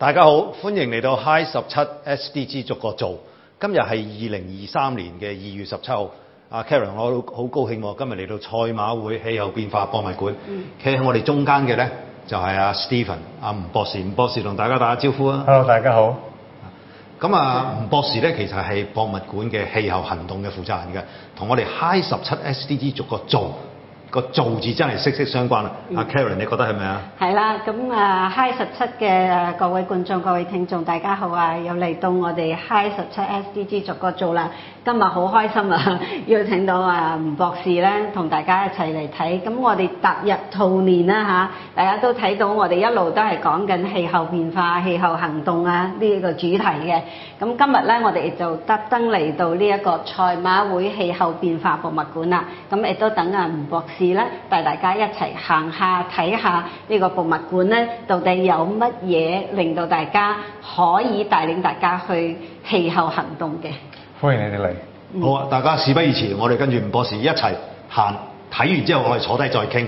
大家好，歡迎嚟到 High 十七 SDG 逐個做。今日係二零二三年嘅二月十七號。阿 Karen，我都好高興，今日嚟到賽馬會氣候變化博物館。企喺、嗯、我哋中間嘅呢，就係、是、阿、啊、Stephen，阿、啊、吳博士。吳博士同大家打個招呼啊！Hello，大家好。咁啊，吳博士呢，其實係博物館嘅氣候行動嘅負責人嘅，同我哋 High 十七 SDG 逐個做。個造字真係息息相關啦，阿 Caroline 你覺得係咪啊？係啦，咁啊 Hi 十七嘅各位觀眾、各位聽眾，大家好啊！又嚟到我哋 Hi 十七 SDG 逐個做啦，今日好開心啊！邀請到啊吳博士咧，同大家一齊嚟睇。咁我哋踏入兔年啦吓、啊，大家都睇到我哋一路都係講緊氣候變化、氣候行動啊呢一個主題嘅。咁今日咧，我哋就特登嚟到呢一個賽馬會氣候變化博物館啦。咁亦都等啊吳博士。帶大家一齊行下睇下呢個博物館呢，到底有乜嘢令到大家可以帶領大家去氣候行動嘅？歡迎你哋嚟，嗯、好啊！大家事不宜遲，我哋跟住吳博士一齊行，睇完之後我哋坐低再傾。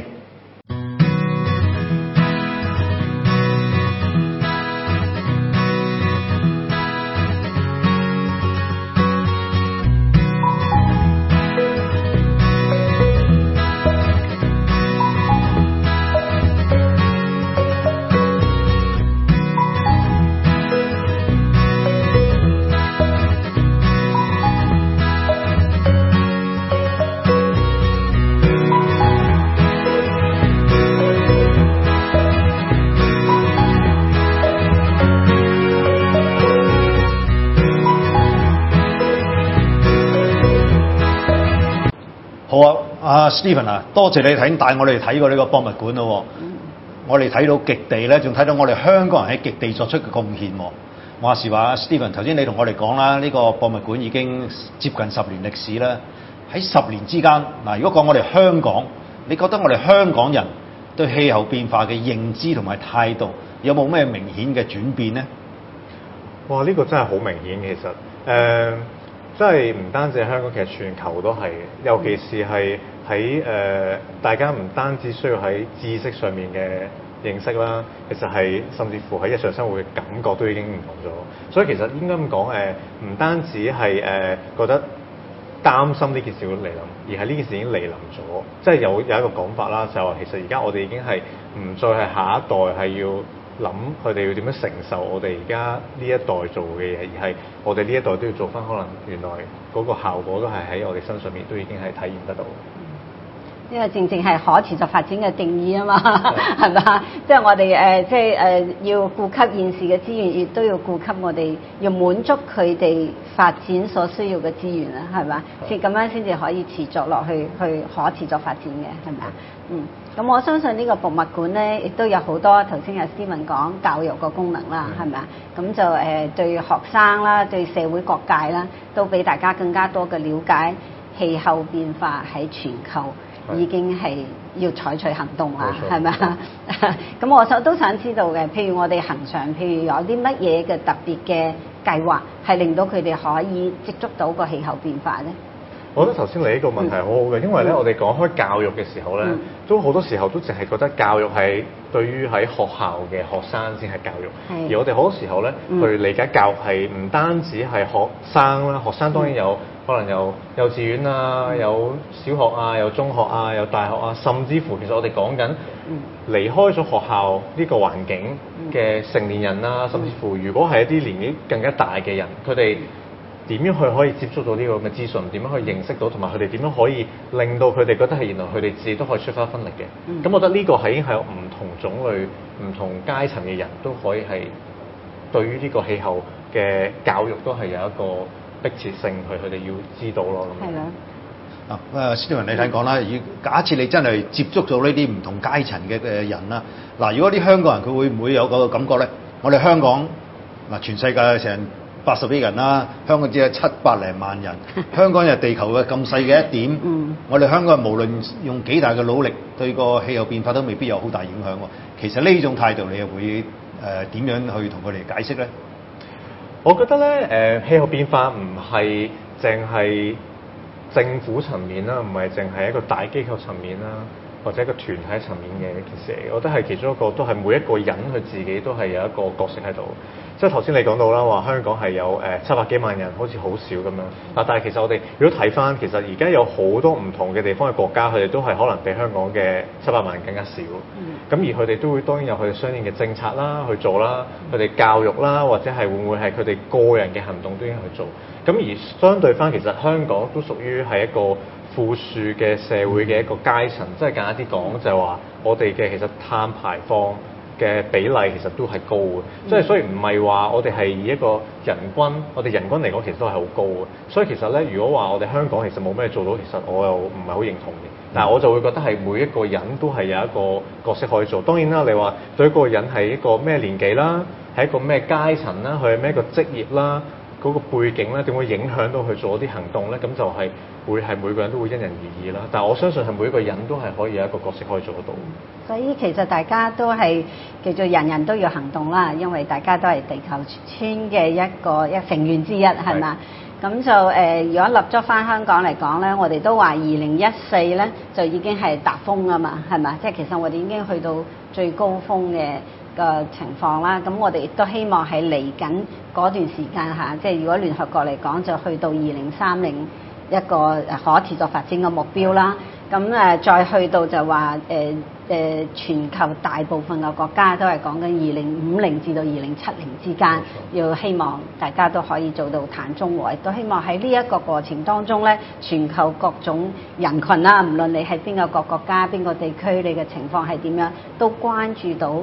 啊，Stephen 啊，多謝你睇帶我哋睇過呢個博物館咯。我哋睇到極地咧，仲睇到我哋香港人喺極地作出嘅貢獻。話 Stephen，我話時話，Stephen，頭先你同我哋講啦，呢個博物館已經接近十年歷史啦。喺十年之間，嗱，如果講我哋香港，你覺得我哋香港人對氣候變化嘅認知同埋態度有冇咩明顯嘅轉變咧？哇！呢個真係好明顯，其實誒。呃即係唔單止係香港，其實全球都係，尤其是係喺誒，大家唔單止需要喺知識上面嘅認識啦，其實係甚至乎喺日常生活嘅感覺都已經唔同咗。所以其實應該咁講誒，唔、呃、單止係誒、呃、覺得擔心呢件事會嚟臨，而係呢件事已經嚟臨咗。即係有有一個講法啦，就係、是、話其實而家我哋已經係唔再係下一代係要，諗佢哋要點樣承受我哋而家呢一代做嘅嘢，而係我哋呢一代都要做翻，可能原來嗰個效果都係喺我哋身上面都已經係體驗得到，嗯。因為正正係可持續發展嘅定義啊嘛，係嘛是？ 即係我哋誒、呃，即係誒、呃，要顧及現時嘅資源，亦都要顧及我哋要滿足佢哋發展所需要嘅資源啦，係嘛？先咁是樣先至可以持續落去，去可持續發展嘅係咪啊？是嗯。咁我相信呢個博物館呢，亦都有好多頭先阿斯文講教育個功能啦，係咪啊？咁就誒對學生啦，對社會各界啦，都俾大家更加多嘅了解氣候變化喺全球已經係要採取行動啊，係咪啊？咁我想都想知道嘅，譬如我哋恒常譬如有啲乜嘢嘅特別嘅計劃，係令到佢哋可以接觸到個氣候變化呢？我覺得頭先你呢個問題好好嘅，因為咧，嗯、我哋講開教育嘅時候咧，嗯、都好多時候都淨係覺得教育係對於喺學校嘅學生先係教育，是而我哋好多時候咧、嗯、去理解教育係唔單止係學生啦，學生當然有、嗯、可能有幼稚園啊、是有小學啊、有中學啊、有大學啊，甚至乎其實我哋講緊離開咗學校呢個環境嘅成年人啦，甚至乎如果係一啲年紀更加大嘅人，佢哋，點樣去可以接觸到呢個咁嘅資訊？點樣去認識到？同埋佢哋點樣可以令到佢哋覺得係原來佢哋自己都可以出翻分力嘅？咁、嗯、我覺得呢個係已經係有唔同種類、唔同階層嘅人都可以係對於呢個氣候嘅教育都係有一個迫切性，去佢哋要知道咯。咁的啊，阿 s t e p 你睇講啦，以假設你真係接觸到呢啲唔同階層嘅嘅人啦，嗱、啊，如果啲香港人佢會唔會有個感覺咧？我哋香港嗱、啊，全世界成八十億人啦，香港只有七百零萬人。 香港就係地球嘅咁細嘅一點， 我哋香港無論用幾大嘅努力對個氣候變化都未必有好大影響。其實呢種態度你又會誒呃、點樣去同佢哋解釋呢？我覺得呢誒、呃、氣候變化唔係淨係政府層面啦，唔係淨係一個大機構層面啦。或者一個團體層面嘅一件事，我覺得係其中一個都係每一個人佢自己都係有一個角色喺度。即係頭先你講到啦，話香港係有誒七百幾萬人，好似好少咁樣。嗱，但係其實我哋如果睇翻，其實而家有好多唔同嘅地方嘅國家，佢哋都係可能比香港嘅七百萬人更加少。咁、嗯、而佢哋都會當然有佢哋相應嘅政策啦，去做啦，佢哋教育啦，或者係會唔會係佢哋個人嘅行動都應該去做。咁而相對翻，其實香港都屬於係一個富庶嘅社會嘅一個階層，嗯、即係簡單啲講，就係、是、話我哋嘅其實碳排放嘅比例其實都係高嘅，即係、嗯、所以唔係話我哋係以一個人均，我哋人均嚟講其實都係好高嘅。所以其實咧，如果話我哋香港其實冇咩做到，其實我又唔係好認同嘅。嗯、但係我就會覺得係每一個人都係有一個角色可以做。當然啦，你話對於一個人係一個咩年紀啦，係一個咩階層啦，佢係咩一個職業啦。嗰個背景咧，點會影響到去做嗰啲行動咧？咁就係會係每個人都會因人而異啦。但係我相信係每個人都係可以有一個角色可以做得到。所以其實大家都係叫做人人都要行動啦，因為大家都係地球村嘅一個一成員之一，係嘛？咁是就誒、呃，如果立足翻香港嚟講咧，我哋都話二零一四咧就已經係達峰啊嘛，係嘛？即係其實我哋已經去到最高峰嘅。嘅情況啦，咁我哋亦都希望喺嚟緊嗰段時間嚇，即係如果聯合國嚟講，就去到二零三零一個可持續發展嘅目標啦。咁誒，再去到就話誒誒，全球大部分嘅國家都係講緊二零五零至到二零七零之間，冇錯。要希望大家都可以做到碳中和，亦都希望喺呢一個過程當中呢，全球各種人群啦，唔論你係邊個國國家、邊個地區，你嘅情況係點樣，都關注到。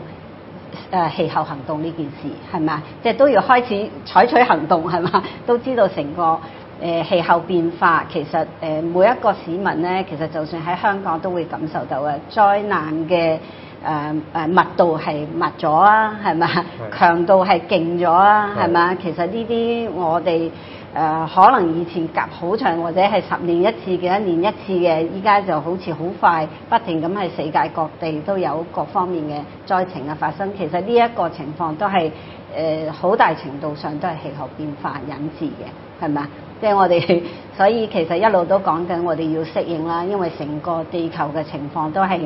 誒氣候行動呢件事係咪啊？即係都要開始採取行動係嘛？都知道成個誒、呃、氣候變化其實誒、呃、每一個市民咧，其實就算喺香港都會感受到嘅災難嘅誒誒密度係密咗啊，係咪啊？是強度係勁咗啊，係咪啊？是其實呢啲我哋。誒，可能以前隔好長或者係十年一次、幾年一次嘅，依家就好似好快不停咁喺世界各地都有各方面嘅災情嘅發生。其實呢一個情況都係誒好大程度上都係氣候變化引致嘅，係咪啊？即係我哋所以其實一路都講緊我哋要適應啦，因為成個地球嘅情況都係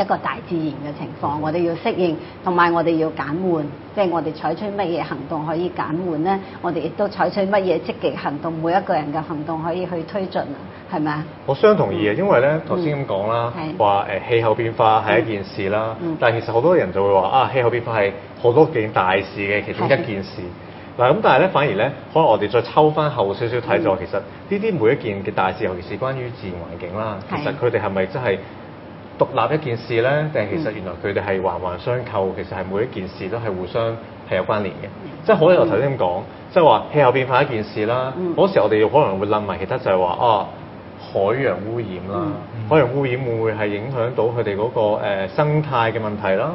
一個大自然嘅情況，mm hmm. 我哋要適應，同埋我哋要減緩，即、就、係、是、我哋採取乜嘢行動可以減緩呢？我哋亦都採取乜嘢積極行動，每一個人嘅行動可以去推進啊？係咪啊？我相當同意啊，因為呢頭先咁講啦，話誒、mm hmm. 呃、氣候變化係一件事啦，mm hmm. 但係其實好多人就會話啊，氣候變化係好多件大事嘅其中一件事。嗱咁、mm hmm. 但係呢，反而呢，可能我哋再抽翻後少少睇咗。Mm hmm. 其實呢啲每一件嘅大事，尤其是關於自然環境啦，其實佢哋係咪真係、mm？Hmm. Mm hmm. 獨立一件事呢，定係其實原來佢哋係環環相扣，其實係每一件事都係互相係有關聯嘅。即係好似我頭先咁講，嗯、即係話氣候變化一件事啦，嗰、嗯、時我哋可能會諗埋其他就係話啊海洋污染啦，海洋污染、嗯、海洋污染會唔會係影響到佢哋嗰個、呃、生態嘅問題啦？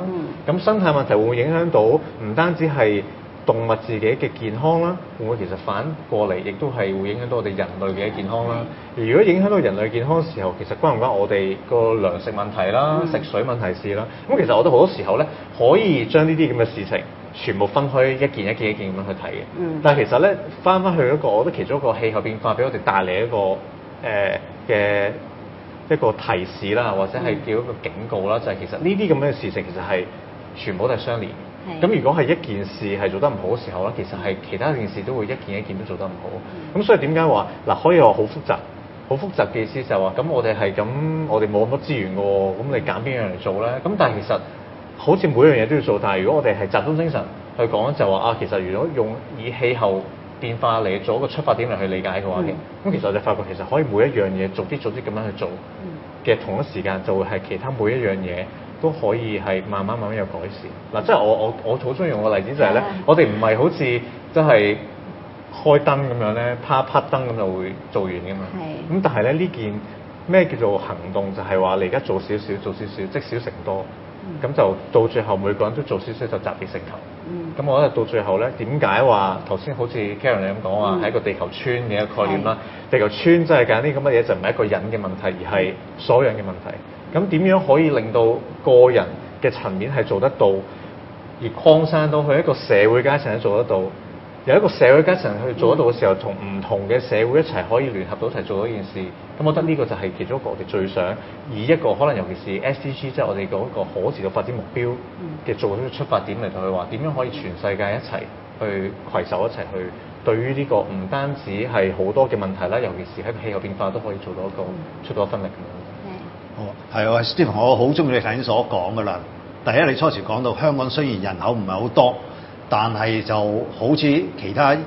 咁、嗯、生態問題會唔會影響到唔單止係，動物自己嘅健康啦，會唔會其實反過嚟亦都係會影響到我哋人類嘅健康啦？Mm hmm. 如果影響到人類健康嘅時候，其實關唔關我哋個糧食問題啦、mm hmm. 食水問題事啦？咁其實我都好多時候咧，可以將呢啲咁嘅事情全部分開一件一件一件咁樣去睇嘅。Mm hmm. 但係其實咧，翻翻去一個，我覺得其中一個氣候變化俾我哋帶嚟一個誒嘅、呃、一個提示啦，或者係叫一個警告啦，mm hmm. 就係其實呢啲咁嘅事情其實係全部都係相連。咁如果係一件事係做得唔好嘅時候咧，其實係其他件事都會一件一件都做得唔好。咁、嗯、所以點解話嗱可以話好複雜？好複雜嘅意思就係話，咁我哋係咁，我哋冇咁多資源嘅喎，咁你揀邊樣嚟做咧？咁但係其實的好似每一樣嘢都要做，但係如果我哋係集中精神去講就話啊，其實如果用以氣候變化嚟做一個出發點嚟去理解嘅話咁、嗯、其實我哋發覺其實可以每一樣嘢逐啲逐啲咁樣去做嘅、嗯、同一時間就會係其他每一樣嘢，都可以係慢慢慢慢有改善嗱，嗯、即係我我我好中意用個例子就係、是、咧，嗯、我哋唔係好似即係開燈咁樣咧，啪啪燈咁就會做完嘅嘛。咁是但係咧呢件咩叫做行動，就係、是、話你而家做少少，做少少積少成多，咁、嗯、就到最後每個人都做少少就集結成頭。咁、嗯、我覺得到最後咧，點解話頭先好似 Karen 你咁講話係一個地球村嘅一個概念啦？是是地球村真係揀啲咁乜嘢就唔係一個人嘅問題，而係所有人嘅問題。咁點樣可以令到個人嘅層面係做得到，而擴散到去一個社會階層做得到，由一個社會階層去做得到嘅時候，同唔同嘅社會一齊可以聯合到一齊做一件事，咁我覺得呢個就係其中一個我哋最想以一個可能尤其是 SDG 即係我哋嗰個可持續發展目標嘅做咗出發點嚟，同佢話點樣可以全世界一齊去攜手一齊去對於呢個唔單止係好多嘅問題啦，尤其是喺氣候變化都可以做到一個出到一分力。係啊，Steven，我好中意你頭先所講嘅啦。第一，你初時講到香港雖然人口唔係好多，但係就好似其他譬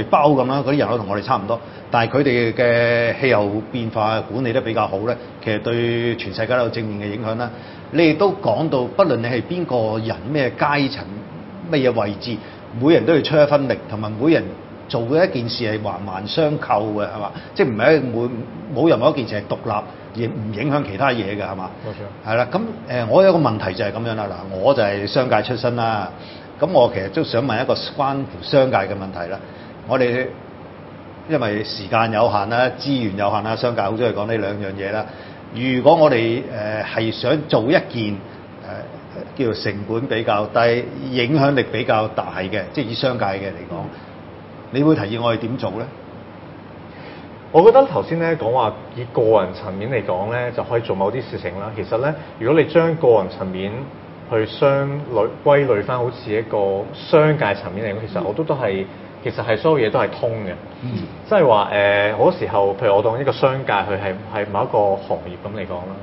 如包咁啦，嗰啲人口同我哋差唔多，但係佢哋嘅氣候變化管理得比較好咧，其實對全世界都有正面嘅影響啦。你亦都講到，不論你係邊個人咩階層咩嘢位置，每人都要出一分力，同埋每人做嘅一件事係環環相扣嘅，係嘛？即係唔係每冇任何一件事係獨立。亦唔影響其他嘢嘅係嘛？冇錯。係啦，咁誒，我有個問題就係咁樣啦。嗱，我就係商界出身啦，咁我其實都想問一個關乎商界嘅問題啦。我哋因為時間有限啦，資源有限啦，商界好鍾意講呢兩樣嘢啦。如果我哋誒係想做一件誒叫做成本比較低、影響力比較大嘅，即係以商界嘅嚟講，你會提議我哋點做咧？我覺得頭先咧講話以個人層面嚟講咧，就可以做某啲事情啦。其實咧，如果你將個人層面去商類歸類翻，好似一個商界層面嚟講，其實我都都係其實係所有嘢都係通嘅。嗯、mm，hmm。即係話誒好多時候，譬如我當一個商界佢係係某一個行業咁嚟講啦，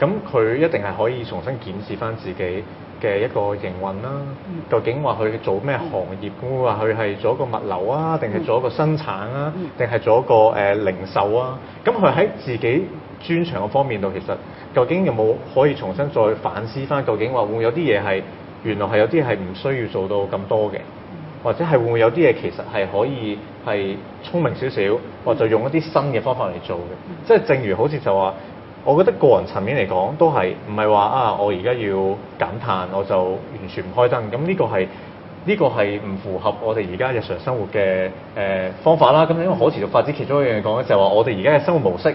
咁佢一定係可以重新檢視翻自己。嘅一個營運啦，究竟話佢做咩行業，會唔會話佢係做一個物流啊，定係做一個生產啊，定係做一個誒、呃、零售啊？咁佢喺自己專長嘅方面度，其實究竟有冇可以重新再反思翻？究竟話會唔會有啲嘢係原來係有啲係唔需要做到咁多嘅，或者係會唔會有啲嘢其實係可以係聰明少少，或者用一啲新嘅方法嚟做嘅？即係正如好似就話。我覺得個人層面嚟講都係，唔係話啊，我而家要減碳，我就完全唔開燈。咁呢個係呢、呢個係唔符合我哋而家日常生活嘅誒、呃、方法啦。咁因為可持續發展其中一樣嘢講咧，就係、係、話我哋而家嘅生活模式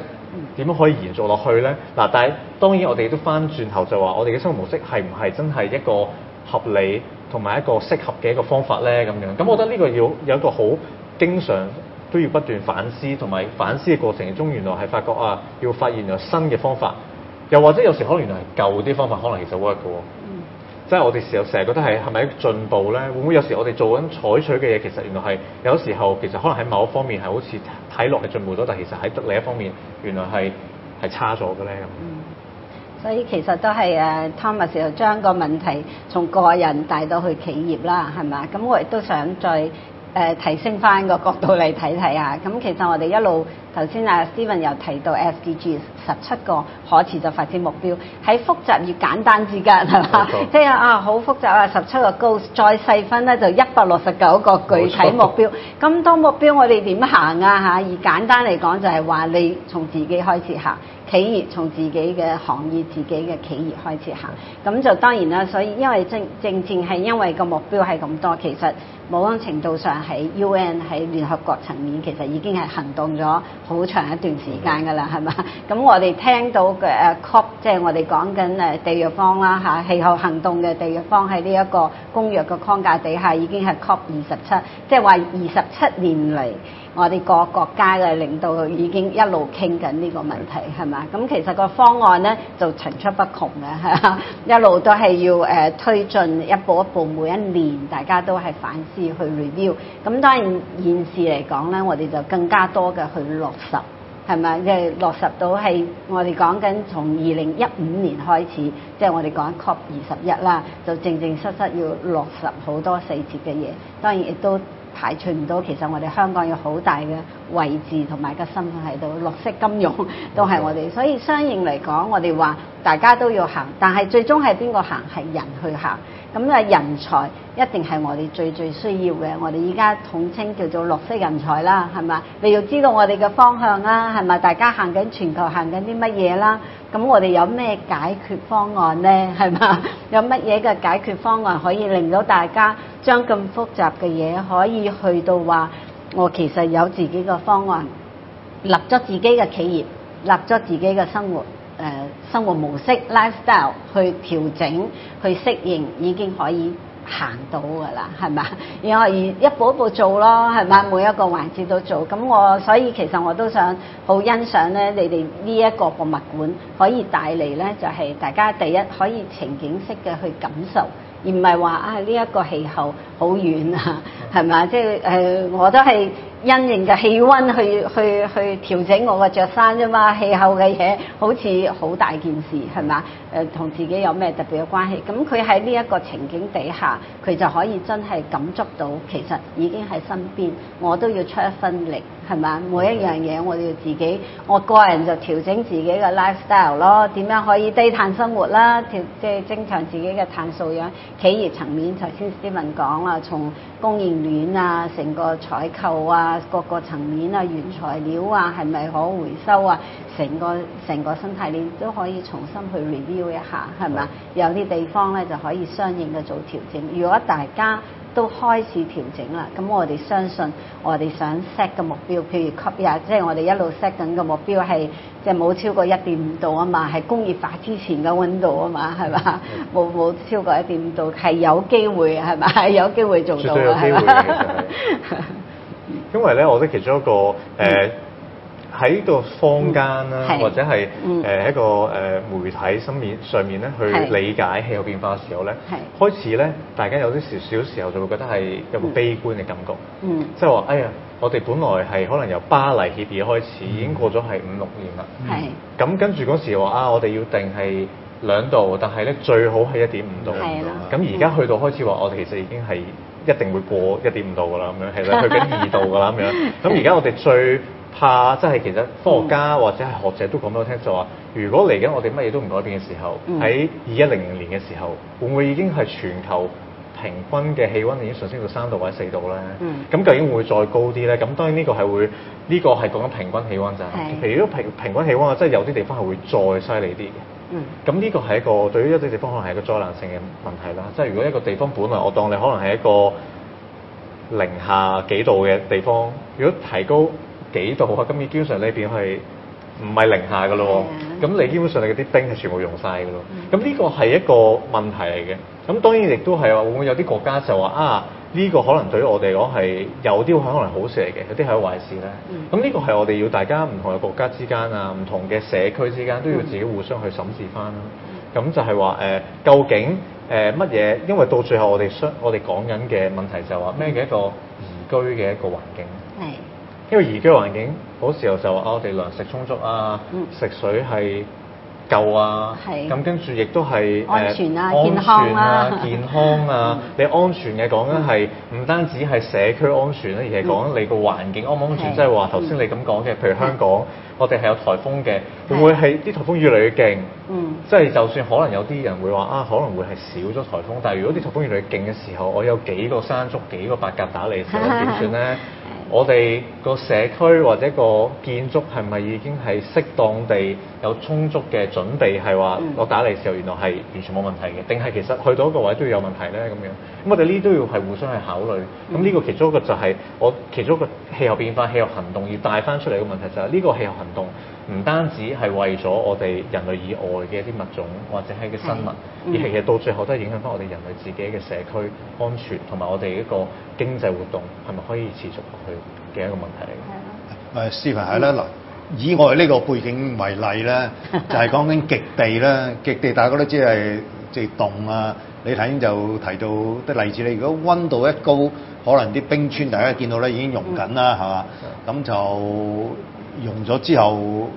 點樣可以延續落去咧？嗱，但係當然我哋都翻轉頭就話，我哋嘅生活模式係唔係真係一個合理同埋一個適合嘅一個方法咧？咁樣，咁我覺得呢個要有一個好經常。都要不斷反思同埋反思嘅過程中，原來係發覺啊，要發現有新嘅方法，又或者有時可能原來係舊啲方法，可能其實 work 嘅、哦嗯、即係我哋成日成日覺得係係咪進步咧？會唔會有時我哋做緊採取嘅嘢，其實原來係有時候其實可能喺某一方面係好似睇落係進步咗，但係其實喺另一方面原來係係差咗嘅咧咁。所以其實都係誒、啊、Thomas 又將個問題從個人帶到去企業啦，係嘛？咁我亦都想再。誒、呃、提升翻個角度嚟睇睇啊！咁、嗯、其實我哋一路。頭先啊，Steven 又提到 SDG 十七個可持續發展目標，喺複雜與簡單之間係嘛？即係 Okay.、就是、啊，好複雜啊，十七個 goal 再細分咧就一百六十九個具體目標。咁 Okay. 多目標，我哋點行啊？嚇，而簡單嚟講，就係話你從自己開始行，企業從自己嘅行業、自己嘅企業開始行。咁就當然啦，所以因為正正正係因為個目標係咁多，其實某種程度上喺 UN 喺聯合國層面，其實已經係行動咗。好長一段時間㗎啦，係嘛？咁我哋聽到嘅誒 cop，即係我哋講緊誒締約方啦吓，氣候行動嘅締約方喺呢一個公約嘅框架底下，已經係 cop 二十七，即係話二十七年嚟。我哋各國家嘅領導已經一路傾緊呢個問題係嘛？咁其實個方案呢就層出不窮嘅，一路都係要誒、呃、推進一步一步，每一年大家都係反思去 review。咁當然現時嚟講呢，我哋就更加多嘅去落實係咪？即係落實到係我哋講緊從二零一五年開始，即、就、係、是、我哋講 COP 二十一啦，就正正式式要落實好多細節嘅嘢。當然亦都。排除唔到，其實我哋香港有好大嘅位置同埋個身份喺度，綠色金融都係我哋，所以相應嚟講，我哋話。大家都要行，但係最終係邊個行？係人去行。咁啊，人才一定係我哋最最需要嘅。我哋依家統稱叫做綠色人才啦，係咪？你要知道我哋嘅方向啦，係咪？大家行緊全球行緊啲乜嘢啦？咁我哋有咩解決方案呢？係嘛？有乜嘢嘅解決方案可以令到大家將咁複雜嘅嘢可以去到話，我其實有自己嘅方案，立咗自己嘅企業，立咗自己嘅生活。誒生活模式 lifestyle 去調整去適應已經可以行到㗎啦，係嘛？然後一步一步做咯，係嘛？每一個環節都做。咁我所以其實我都想好欣賞咧，你哋呢一個博物館可以帶嚟咧，就係大家第一可以情景式嘅去感受，而唔係話啊呢一個氣候好遠啊，係嘛？即係誒，我都係。因應嘅氣温去去去調整我個着衫啫嘛，氣候嘅嘢好似好大件事係嘛？誒同、呃、自己有咩特別嘅關係？咁佢喺呢一個情景底下，佢就可以真係感觸到其實已經喺身邊，我都要出一分力係嘛？每一樣嘢我都要自己，我個人就調整自己嘅 lifestyle 咯，點樣可以低碳生活啦？即係增強自己嘅碳素養。企業層面頭先 Steven 講啦，從供應鏈啊，成個採購啊。啊，各個層面啊，原材料啊，係咪可回收啊？成個成個生態鏈都可以重新去 review 一下，係咪啊？ 有啲地方咧就可以相應嘅做調整。如果大家都開始調整啦，咁我哋相信我哋想 set 嘅目標，譬如吸入，即係我哋一路 set 緊嘅目標係即係冇超過一點五度啊嘛，係工業化之前嘅温度啊嘛，係嘛？冇冇 超過一點五度係有機會係嘛？係有機會做到啊！因為咧，我覺得其中一個誒喺、呃嗯、個坊間啦，是 或者係誒喺個誒媒體上面上面咧去理解氣候變化嘅時候咧，是是開始咧大家有啲小時候就會覺得係有個悲觀嘅感覺，即係話哎呀，我哋本來係可能由巴黎協議開始，已經過咗係五六年啦，咁是是、嗯、跟住嗰時話啊，我哋要定係兩度，但係咧最好係一點五度，度，咁而家去到開始話，我哋其實已經係，一定會過一點五度噶啦，咁樣其實去緊二度噶啦，咁樣。咁而家我哋最怕，即係其實科學家或者係學者都講俾我聽，就話如果嚟緊我哋乜嘢都唔改變嘅時候，喺二一零零年嘅時候，會唔會已經係全球平均嘅氣溫已經上升到三度或者四度咧？咁、嗯、究竟會唔會再高啲咧？咁當然呢個係會，呢個係講緊平均氣溫咋。譬如如果平平均氣溫啊，即係有啲地方係會再犀利啲嘅。咁呢、嗯、個係一個對於一啲地方可能係一個災難性嘅問題啦，即係如果一個地方本來我當你可能係一個零下幾度嘅地方，如果提高幾度啊，咁你基本上呢邊係唔係零下噶咯？咁你基本上你嗰啲冰係全部用晒噶咯。咁呢、嗯、個係一個問題嚟嘅。咁當然亦都係話會唔會有啲國家就話啊。呢個可能對於我哋嚟講係有啲可能好事嚟嘅，有啲係壞事咧。咁呢、嗯、個係我哋要大家唔同嘅國家之間啊，唔同嘅社區之間都要自己互相去審視返。咁、嗯、就係話誒，究竟誒乜嘢？因為到最後我哋商我哋講緊嘅問題就係話咩嘅一個宜居嘅一個環境。係、嗯，因為宜居環境好時候就話、啊、我哋糧食充足啊，嗯、食水係，夠啊，係咁是跟住亦都係誒，安全啊、呃、健康啊、你安全嘅講緊係。唔單止係社區安全咧，而係講你個環境安唔安全，嗯、即係話頭先你咁講嘅，嗯、譬如香港，嗯、我哋係有台風嘅，嗯、會唔會係啲台風越嚟越勁，嗯，即係就算可能有啲人會話啊，可能會係少咗台風，但係如果啲台風越嚟越勁嘅時候，我有幾個山竹、幾個八甲打嚟嘅時候點、嗯、算咧？嗯、我哋個社區或者個建築係咪已經係適當地有充足嘅準備，係話我打嚟時候原來係完全冇問題嘅？定係其實去到一個位都要有問題咧咁樣？咁我哋呢都要係互相去考。嗯咁呢、嗯、個其中一個就係、是、我其中一個氣候變化氣候行動要帶翻出嚟嘅問題就係、是、呢、這個氣候行動唔單止係為咗我哋人類以外嘅一啲物種或者係一啲生物，嗯、而係其實到最後都係影響翻我哋人類自己嘅社區安全同埋我哋一個經濟活動係咪可以持續落去嘅一個問題嚟嘅。誒 Stephen 係啦，嗱、呃嗯、以我呢個背景為例咧， 就係講緊極地咧，極地大家都知係即係凍啊。你頭先就提到啲例子，你如果温度一高，可能啲冰川大家見到咧已經融緊啦，係嘛、嗯？咁就融咗之後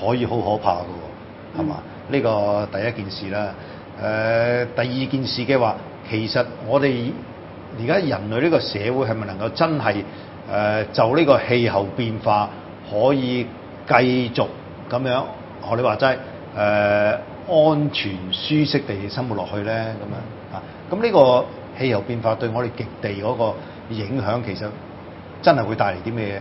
可以好可怕㗎，係嘛？呢、嗯、個第一件事啦。誒、呃，第二件事嘅話，其實我哋而家人類呢個社會係咪能夠真係誒、呃、就呢個氣候變化可以繼續咁樣？學你話齋誒。呃安全舒適地生活落去咧，咁樣啊，咁呢個氣候變化對我哋極地嗰個影響，其實真係會帶嚟啲咩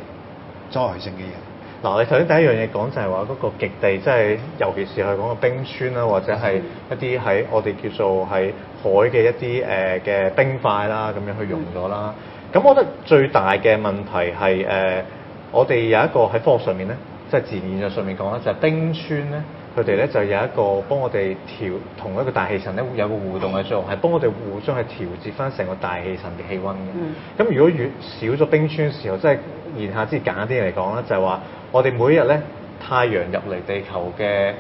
災害性嘅嘢？嗱，你頭先第一樣嘢講就係話嗰個極地，即係尤其係去講個冰川啦，或者係一啲喺我哋叫做係海嘅一啲誒嘅冰塊啦，咁樣去融咗啦。咁、嗯、我覺得最大嘅問題係誒、呃，我哋有一個喺科學上面咧，即係自然現象上面講啦，就係、是、冰川咧。佢哋咧就有一個幫我哋調同一個大氣層咧有個互動嘅作用，係幫我哋互相係調節翻成個大氣層嘅氣溫嘅。咁、嗯、如果越少咗冰川嘅時候，即係言下之簡單啲嚟講咧，就係、是、話我哋每一日咧，太陽入嚟地球嘅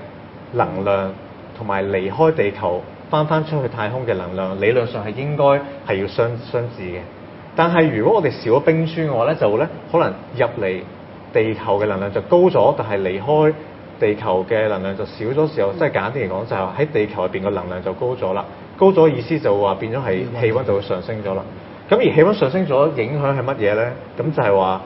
能量同埋離開地球翻翻出去太空嘅能量，理論上係應該係要相相似嘅。但係如果我哋少咗冰川嘅話咧，就咧可能入嚟地球嘅能量就高咗，但係離開地球嘅能量就少咗，時候即係簡單嚟講就係話，喺地球入邊嘅能量就高咗啦。高咗意思就話變咗係氣溫就會上升咗啦。咁而氣溫上升咗影響係乜嘢咧？咁就係話，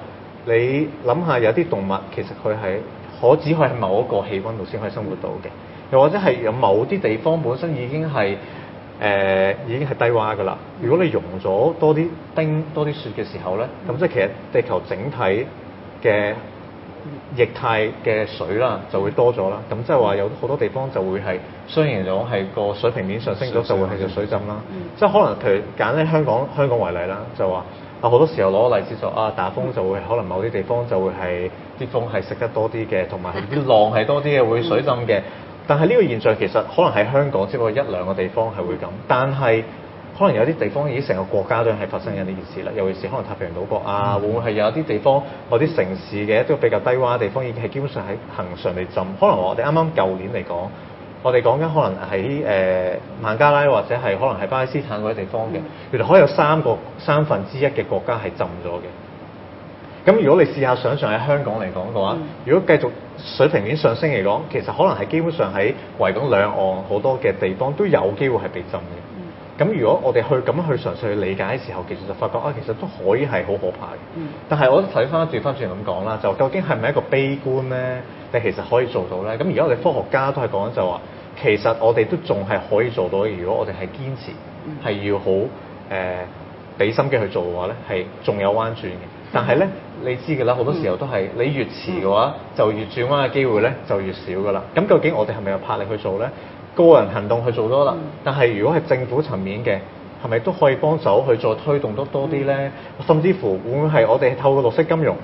你諗下有啲動物其實佢係可只可以喺某一個氣溫度先可以生活到嘅，又或者係有某啲地方本身已經係誒、呃、已經係低洼噶啦。如果你融咗多啲冰多啲雪嘅時候咧，咁即係其實地球整體嘅。液態嘅水啦，就會多咗啦。咁即係話有好多地方就會係，雖然嚟講係個水平面上升咗，就會係就水浸啦。嗯、即係可能譬如揀啲香港香港為例啦，就話啊好多時候攞個例子就啊打風就會可能某啲地方就會係啲風係食得多啲嘅，同埋啲浪係多啲嘅會水浸嘅。但係呢個現象其實可能喺香港只不過一兩個地方係會咁，但係。可能有啲地方已經成個國家都係發生緊呢件事啦，嗯、尤其是可能太平洋島國啊，會唔會係有啲地方，有啲城市嘅一都比較低窪嘅地方，已經係基本上喺恒常地浸。可能我哋啱啱舊年嚟講，我哋講緊可能喺誒孟加拉或者係可能係巴基斯坦嗰啲地方嘅，嗯、原來可以有三個三分之一嘅國家係浸咗嘅。咁如果你試下想像喺香港嚟講嘅話，嗯、如果繼續水平面上升嚟講，其實可能係基本上喺維港兩岸好多嘅地方都有機會係被浸嘅。咁如果我哋去咁樣去嘗試去理解嘅時候，其實就發覺啊，其實都可以係好可怕嘅。嗯、但係我睇翻轉翻轉咁講啦，就究竟係咪一個悲觀呢？你其實可以做到呢。咁而家我哋科學家都係講就話，其實我哋都仲係可以做到。如果我哋係堅持係、嗯、要好誒俾心機去做嘅話呢，係仲有彎轉嘅。但係呢，你知嘅啦，好多時候都係、嗯、你越遲嘅話，就越轉彎嘅機會呢就越少㗎啦。咁究竟我哋係咪有魄力去做呢？個人行動去做多啦，嗯、但係如果係政府層面嘅，係咪都可以幫手去再推動得多啲呢？嗯、甚至乎會唔會係我哋透過綠色金融，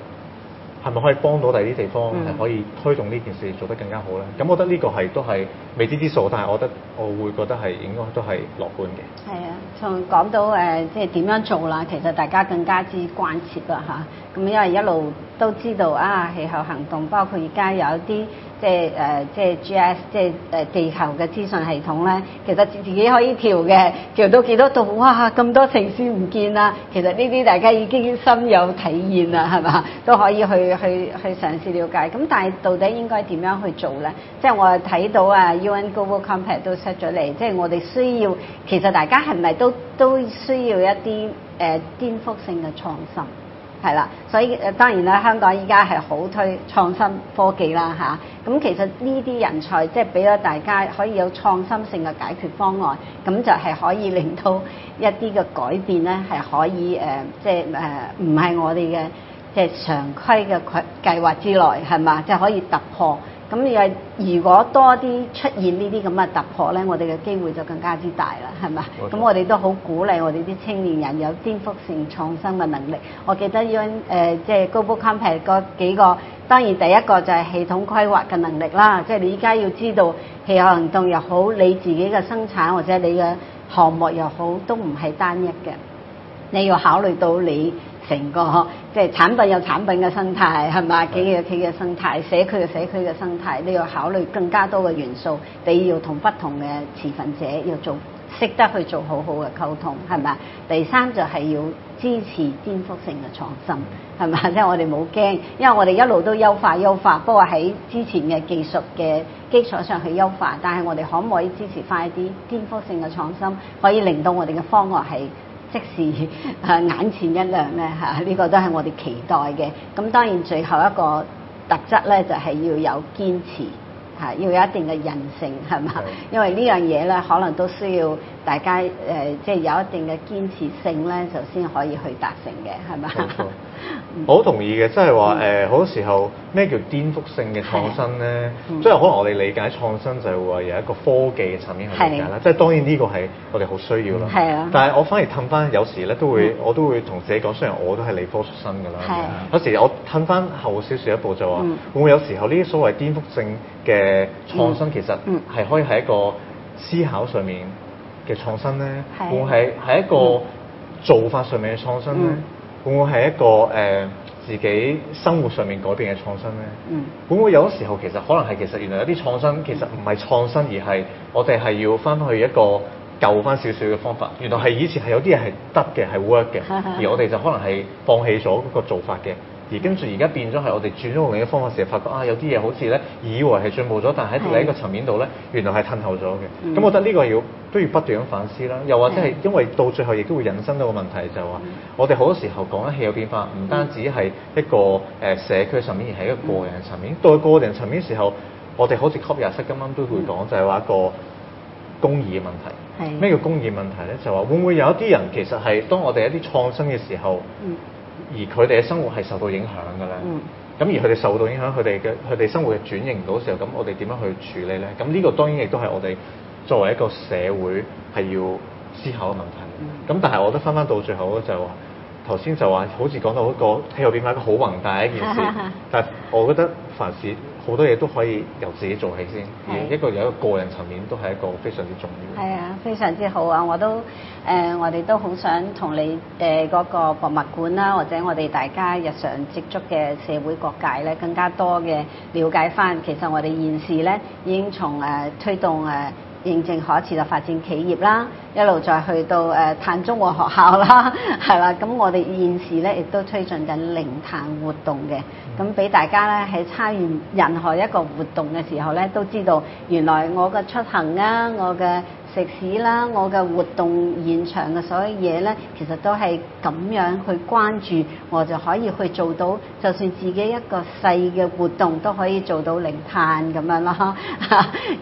係咪可以幫到第啲地方係、嗯、可以推動呢件事做得更加好呢？咁我覺得呢個係都係未知之數，但係我覺得我會覺得係應該都係樂觀嘅。係啊，從講到誒、呃、即係點樣做啦，其實大家更加之關切啦吓，咁因為一路。都知道啊，氣候行動包括而家有一啲即係誒，即係 G S，即係誒、呃、地球嘅資訊系統咧。其實自己可以調嘅，調到幾多度？哇！咁多城市唔見啦。其實呢啲大家已經深有體驗啦，係嘛？都可以去去去，去嘗試了解。咁但係到底應該點樣去做咧？即係我睇到啊，U N Global Compact 都出咗嚟，即係我哋需要，其實大家係咪都都需要一啲誒顛覆性嘅創新？係啦，所以誒當然啦，香港依家係好推創新科技啦嚇，咁、啊嗯、其實呢啲人才即係俾咗大家可以有創新性嘅解決方案，咁就係可以令到一啲嘅改變咧係可以誒、呃，即係誒唔係我哋嘅即係常規嘅規計劃之內係嘛，即係、就是、可以突破。咁又係，如果多啲出現呢啲咁嘅突破咧，我哋嘅機會就更加之大啦，係咪？咁冇錯。我哋都好鼓勵我哋啲青年人有顛覆性創新嘅能力。我記得因誒即係 Global Compact 嗰幾個，當然第一個就係系統規劃嘅能力啦。即係你依家要知道，氣候行動又好，你自己嘅生產或者你嘅項目又好，都唔係單一嘅，你要考慮到你。成個即係產品有產品嘅生態，係咪？企嘅企嘅生態，社區嘅社區嘅生態，你要考慮更加多嘅元素。你要同不同嘅持份者要做識得去做好好嘅溝通，係咪？第三就係要支持顛覆性嘅創新，係咪？即係我哋冇驚，因為我哋一路都優化優化，不過喺之前嘅技術嘅基礎上去優化，但係我哋可唔可以支持快啲顛覆性嘅創新，可以令到我哋嘅方案係？即是眼前一亮咧吓，呢、這個都係我哋期待嘅。咁當然最後一個特質咧，就係要有堅持吓，要有一定嘅韌性係嘛？是因為呢樣嘢咧，可能都需要大家誒，即、呃、係、就是、有一定嘅堅持性咧，就先可以去達成嘅係嘛？ 我好同意嘅，即係話誒好多時候咩叫顛覆性嘅創新咧？即係可能我哋理解創新就係話由一個科技嘅層面去理解啦。即係當然呢個係我哋好需要啦。係啊。但係我反而褪返有時咧，都會我都會同自己講，雖然我都係理科出身㗎啦。係啊。有時我褪返後少少一步，就話會唔會有時候呢啲所謂顛覆性嘅創新，其實係可以喺一個思考上面嘅創新咧？會係喺一個做法上面嘅創新咧？會唔會係一個誒、呃、自己生活上面改變嘅創新咧？嗯，會唔會有啲時候其實可能係其實原來有啲創新其實唔係創新，而係我哋係要翻返去一個舊翻少少嘅方法。原來係以前係有啲嘢係得嘅，係 work 嘅， 而我哋就可能係放棄咗嗰個做法嘅。而跟住而家變咗係我哋轉用另一個方法時，發覺啊有啲嘢好似咧以為係進步咗，但係喺另一個層面度咧，的原來係滲透咗嘅。咁、嗯、我覺得呢個要都要不斷咁反思啦。又或者係因為到最後亦都會引申到個問題就話、是，嗯、我哋好多時候講緊氣候變化，唔單止係一個誒社區層面，而係一個個人層面。嗯、到個個人層面時候，我哋好似吸日式啱啱都會講、嗯、就係話一個公義嘅問題。咩的叫公義問題咧？就話會唔會有一啲人其實係當我哋一啲創新嘅時候？嗯而佢哋嘅生活係受到影響嘅咧，咁、嗯、而佢哋受到影響，佢哋嘅佢哋生活嘅轉型唔到時候，咁我哋點樣去處理咧？咁呢個當然亦都係我哋作為一個社會係要思考嘅問題。咁、嗯、但係我覺得翻翻到最後咧就是。頭先就話，好似講到個氣候變化都好宏大一件事， 但係我覺得凡事好多嘢都可以由自己做起先，是一個有一個個人層面都係一個非常之重要。係啊，非常之好啊！我都誒、呃，我哋都好想同你誒嗰、呃那個博物館啦、啊，或者我哋大家日常接觸嘅社會各界咧，更加多嘅了解翻，其實我哋現時咧已經從誒、呃、推動誒。呃認證可持續發展企業啦，一路再去到誒碳中和學校啦，係啦，咁我哋現時咧亦都推進緊零碳活動嘅，咁俾大家咧喺參與任何一個活動嘅時候咧，都知道原來我嘅出行啊，我嘅。食肆啦，我嘅活動現場嘅所有嘢呢，其實都係咁樣去關注，我就可以去做到，就算自己一個細嘅活動都可以做到零碳咁樣咯。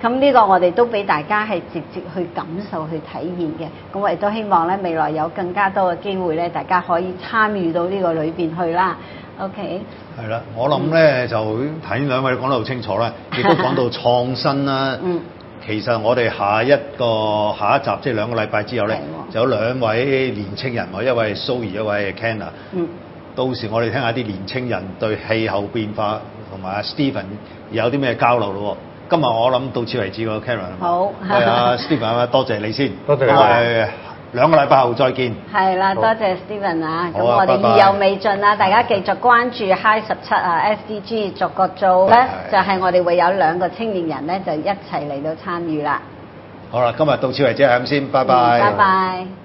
咁 呢個我哋都俾大家係直接去感受、去體驗嘅。咁我亦都希望呢，未來有更加多嘅機會呢，大家可以參與到呢個裏邊去啦。OK。係啦，我諗呢、嗯、就睇兩位講得好清楚啦，亦都講到創新啦。嗯。其實我哋下一個下一集即係兩個禮拜之後咧，的就有兩位年青人喎，一位 Sue，一位 Kenna 嗯。到時我哋聽下啲年青人對氣候變化同埋阿 Stephen 有啲咩交流咯。今日我諗到此為止喎，Kenna。好。啊的 Stephen，多謝你先。 多謝你。 兩個禮拜後再見。係啦的，好多謝 Steven 啊，咁、啊、我哋意猶未盡啦、啊，拜拜，大家繼續關注 High 十七啊，SDG 逐個做咧，拜拜就係我哋會有兩個青年人咧，就一齊嚟到參與啦。好啦、啊，今日到此為止，係咁先，拜拜。嗯、拜拜。